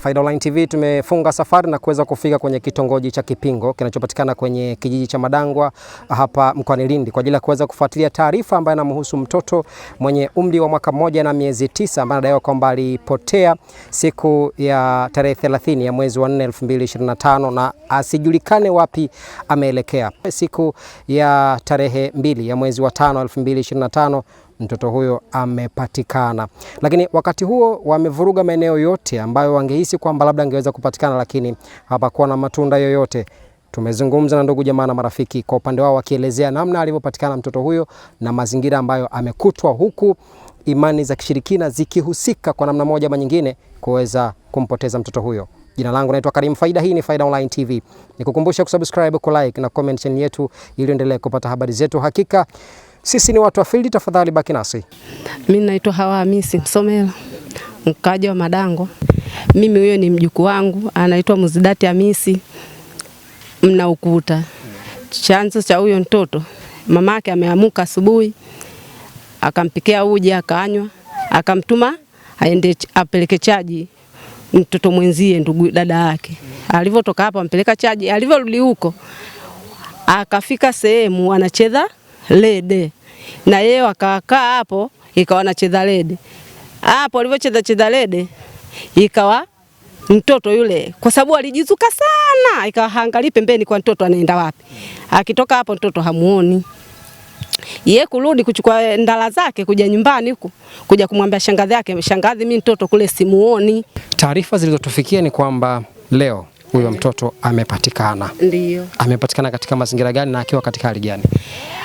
Faida Online TV tumefunga safari na kuweza kufika kwenye kitongoji cha Kipingo kinachopatikana kwenye kijiji cha Madangwa hapa mkoani Lindi kwa ajili ya kuweza kufuatilia taarifa ambayo inamhusu mtoto mwenye umri wa mwaka mmoja na miezi tisa ambaye anadaiwa kwamba alipotea siku ya tarehe 30 ya mwezi wa 4 2025 na asijulikane wapi ameelekea. Siku ya tarehe mbili ya mwezi wa 5 2025 mtoto huyo amepatikana. Lakini wakati huo wamevuruga maeneo yote ambayo wangehisi kwamba labda angeweza kupatikana, lakini hapakuwa na matunda yoyote. Tumezungumza na ndugu jamaa na marafiki, kwa upande wao wakielezea namna alivyopatikana mtoto huyo na mazingira ambayo amekutwa, huku imani za kishirikina zikihusika kwa namna moja ama nyingine kuweza kumpoteza mtoto huyo. Jina langu naitwa Karim Faida. Hii ni Faida Online TV. Nikukumbusha kusubscribe, kulike na comment channel yetu ili endelee kupata habari zetu. Hakika sisi ni watu wa field, tafadhali baki nasi. Mimi naitwa Hawa Hamisi Msomela, mkaji wa Madango. Mimi huyo ni mjukuu wangu anaitwa Muzidati Hamisi mna ukuta. Chanzo cha huyo mtoto, mamake ameamuka asubuhi akampikia uji akanywa, akamtuma aende apeleke chaji mtoto mwenzie, ndugu dada yake. Alivyotoka hapo ampeleka chaji, alivyorudi huko akafika sehemu anacheza lede, na yeye wakaakaa hapo, ikawa anacheza lede hapo. Alivyocheza cheza lede, ikawa mtoto yule, kwa sababu alijizuka sana, ikawa haangalii pembeni kwa mtoto anaenda wapi. Akitoka hapo mtoto hamuoni ye kurudi kuchukua ndala zake kuja nyumbani huku kuja kumwambia shangazi yake, shangazi, mimi mtoto kule simuoni. Taarifa zilizotufikia ni kwamba leo huyo mtoto amepatikana. Ndio. Amepatikana katika mazingira gani na akiwa katika hali gani?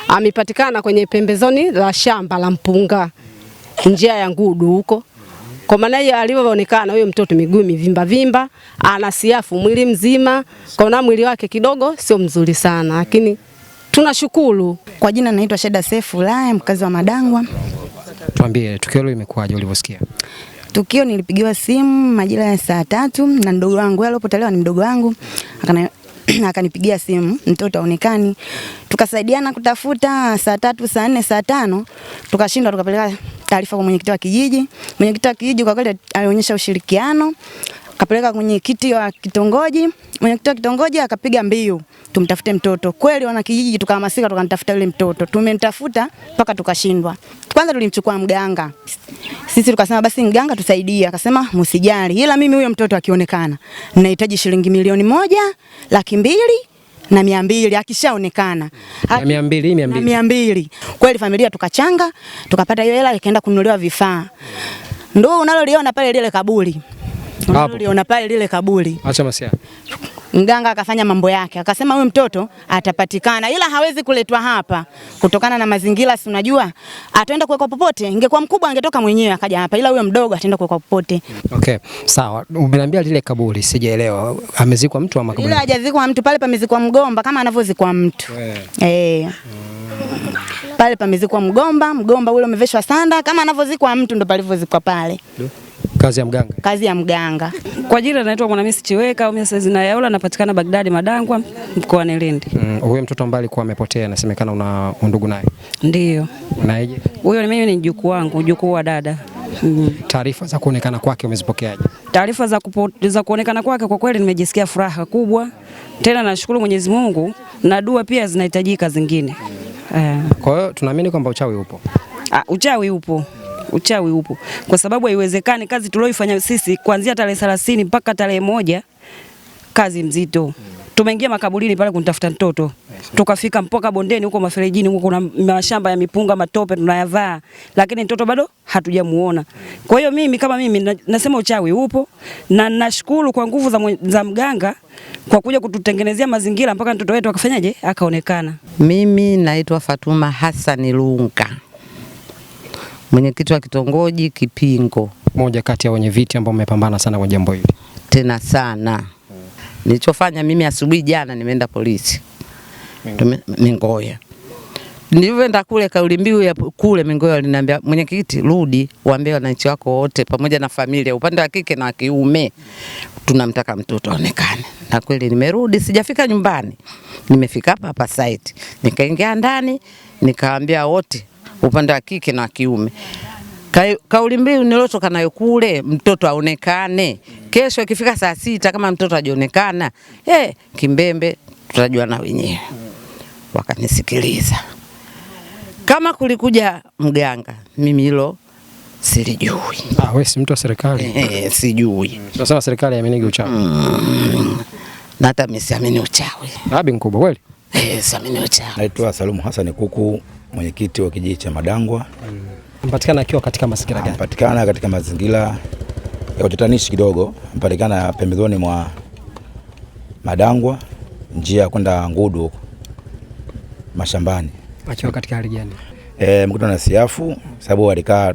amepatikana kwenye pembezoni la shamba la mpunga njia ya Ngudu huko. Kwa maana hiyo alivyoonekana huyo mtoto miguu mivimba vimba, ana siafu mwili mzima, kaona mwili wake kidogo sio mzuri sana, lakini tunashukuru. Kwa jina naitwa Sheda Sefu Ulaya, mkazi wa Madangwa. Tuambie tukio hilo imekuwaje, ulivyosikia tukio? Nilipigiwa simu majira ya saa tatu na mdogo wangu aliyepotelewa, ni mdogo wangu akanipigia simu, mtoto aonekani, tukasaidiana kutafuta saa tatu, saa nne, saa tano, tukashindwa, tukapeleka taarifa kwa mwenyekiti wa kijiji. Mwenyekiti wa kijiji kwa kweli alionyesha ushirikiano, kapeleka kiti wa kitongoji. Mwenyekiti wa kitongoji akapiga mbio tumtafute mtoto kweli. Wana kijiji tukahamasika, tukamtafuta yule mtoto, tumemtafuta mpaka tukashindwa. Kwanza tulimchukua mganga sisi tukasema basi mganga tusaidie, akasema msijali, ila mimi huyo mtoto akionekana nahitaji shilingi milioni moja laki mbili na mia mbili akishaonekana mia mbili mia mbili mia mbili Kweli familia tukachanga, tukapata hiyo hela ikaenda kununuliwa vifaa, Ndio unaloliona pale lile kaburi unaloliona pale lile kaburi. Acha masia Mganga akafanya mambo yake, akasema huyu mtoto atapatikana, ila hawezi kuletwa hapa kutokana na mazingira, si unajua ataenda kuwekwa popote. Ingekuwa mkubwa angetoka mwenyewe akaja hapa, ila huyo mdogo ataenda kuwekwa popote. Okay, sawa. Umeniambia lile kaburi, sijaelewa, amezikwa mtu ama kaburi? Ila hajazikwa mtu, pale pamezikwa mgomba kama anavyozikwa mtu eh, hey. Eh. mm. Pale pamezikwa mgomba, mgomba ule umeveshwa sanda kama anavyozikwa mtu, ndo palivyozikwa pale. Kazi ya mganga. Kazi ya mganga. Kwa jina naitwa Mwanamisi Chiweka au Misa Zinayaula, napatikana Bagdadi Madangwa, mkoani Lindi. Huyo mm, mtoto ambaye alikuwa amepotea inasemekana una undugu naye. Ndio. Naeje? Huyo ni mimi, ni mjukuu wangu, mjukuu wa dada. Mm. Taarifa za kuonekana kwake umezipokeaje? Taarifa za, za kuonekana kwake kwa kweli nimejisikia furaha kubwa, tena nashukuru Mwenyezi Mungu na dua pia zinahitajika zingine. Eh. Kwa hiyo tunaamini kwamba uchawi upo. Ah, uchawi upo uchawi upo, kwa sababu haiwezekani kazi tulioifanya sisi kuanzia tarehe 30 mpaka tarehe moja, kazi mzito tumeingia makaburini pale kumtafuta mtoto, tukafika mpaka bondeni huko maferejini huko, kuna mashamba ya mipunga, matope tunayavaa, lakini mtoto bado hatujamuona. Kwa hiyo mimi kama mimi nasema uchawi upo, na nashukuru kwa nguvu za, za mganga kwa kuja kututengenezea mazingira mpaka mtoto wetu akafanyaje, akaonekana. Mimi naitwa Fatuma Hassan Lunga mwenyekiti wa kitongoji Kipingo, moja kati ya wenye viti ambao mmepambana sana kwa jambo hili tena sana hmm. Nilichofanya mimi asubuhi jana nimeenda polisi Mingoya, Mingoya. Nilivyoenda kule kauli mbiu ya kule Mingoya waliniambia, mwenyekiti, rudi waambie wananchi wako wote pamoja na familia, upande wa kike na kiume, tunamtaka mtoto aonekane. Na kweli nimerudi, sijafika nyumbani, nimefika hapa hapa site, nikaingia ndani, nikaambia wote upande wa kike na kiume. Kauli mbiu nilotoka nayo kule, mtoto aonekane. Kesho ikifika saa sita kama mtoto hajaonekana, hey, kimbembe tutajua na wenyewe. Wakanisikiliza. Kama kulikuja mganga, mimi hilo silijui. Ah, wewe si mtu wa serikali? Eh, eh sijui. Mm. Sasa serikali haiamini uchawi. Mm, na hata mimi siamini uchawi. Nabii mkubwa kweli? Eh, siamini uchawi. Naitwa Salumu Hassan Kuku mwenyekiti wa kijiji cha Madangwa. Mpatikana akiwa katika mazingira gani? Mpatikana katika mazingira ya utatanishi kidogo, mpatikana pembezoni mwa Madangwa, njia ya kwenda Ngudu mashambani. Akiwa katika hali gani? E, mkutano na siafu, sababu walikaa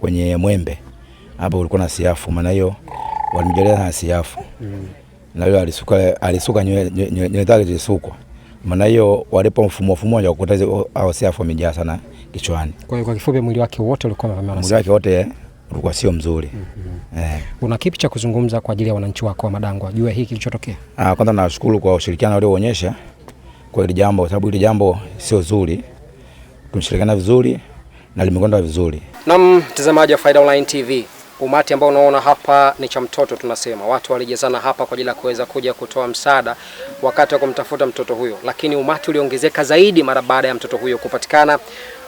kwenye mwembe hapo, ulikuwa na siafu, maana hiyo walimjelea na siafu mm. na yule alisuka, alisuka nywele zake zilisukwa maana hiyo walipo mfumo mfumo wa kukuta hizo hoseafu wamejaa sana kichwani. Kwa hiyo kwa kifupi, mwili wake wote ulikuwa umevamiwa na mwili wake wote eh, ulikuwa sio mzuri. mm-hmm. Eh. Una kipi cha kuzungumza kwa ajili ya wananchi wako wa Madango wajue hiki kilichotokea? Ah, kwanza nashukuru kwa ushirikiano walioonyesha kwa hili jambo, kwa sababu hili jambo sio zuri. Tumeshirikiana vizuri na limekwenda vizuri. Na mtazamaji wa Faida Online TV Umati ambao unaona hapa ni cha mtoto, tunasema watu walijazana hapa kwa ajili ya kuweza kuja kutoa msaada wakati wa kumtafuta mtoto huyo, lakini umati uliongezeka zaidi mara baada ya mtoto huyo kupatikana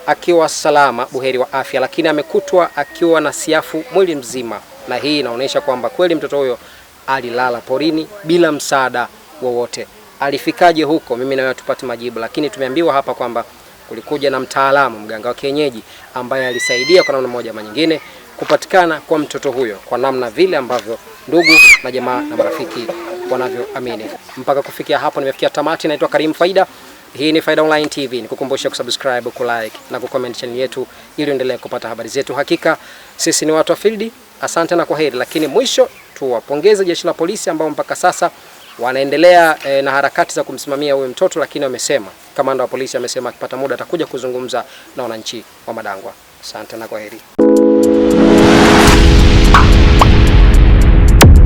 akiwa salama buheri wa afya, lakini amekutwa akiwa na siafu mwili mzima, na hii inaonyesha kwamba kweli mtoto huyo alilala porini bila msaada wowote. Alifikaje huko? Mimi wewe tupate majibu, lakini tumeambiwa hapa kwamba kulikuja na mtaalamu, mganga wa kienyeji ambaye alisaidia kwa namna moja ama nyingine kupatikana kwa mtoto huyo kwa namna vile ambavyo ndugu na jamaa na marafiki wanavyoamini. Mpaka kufikia hapo nimefikia tamati. Naitwa Karim Faida. Hii ni Faida Online TV. Nikukumbusha kusubscribe, kulike na kucomment channel yetu ili uendelee kupata habari zetu. Hakika sisi ni watu wa field. Asante na kwa heri. Lakini mwisho tuwapongeze jeshi la polisi ambao mpaka sasa wanaendelea e, na harakati za kumsimamia huyu mtoto, lakini wamesema, kamanda wa polisi amesema akipata muda atakuja kuzungumza na wananchi wa Madangwa. Asante na kwa heri.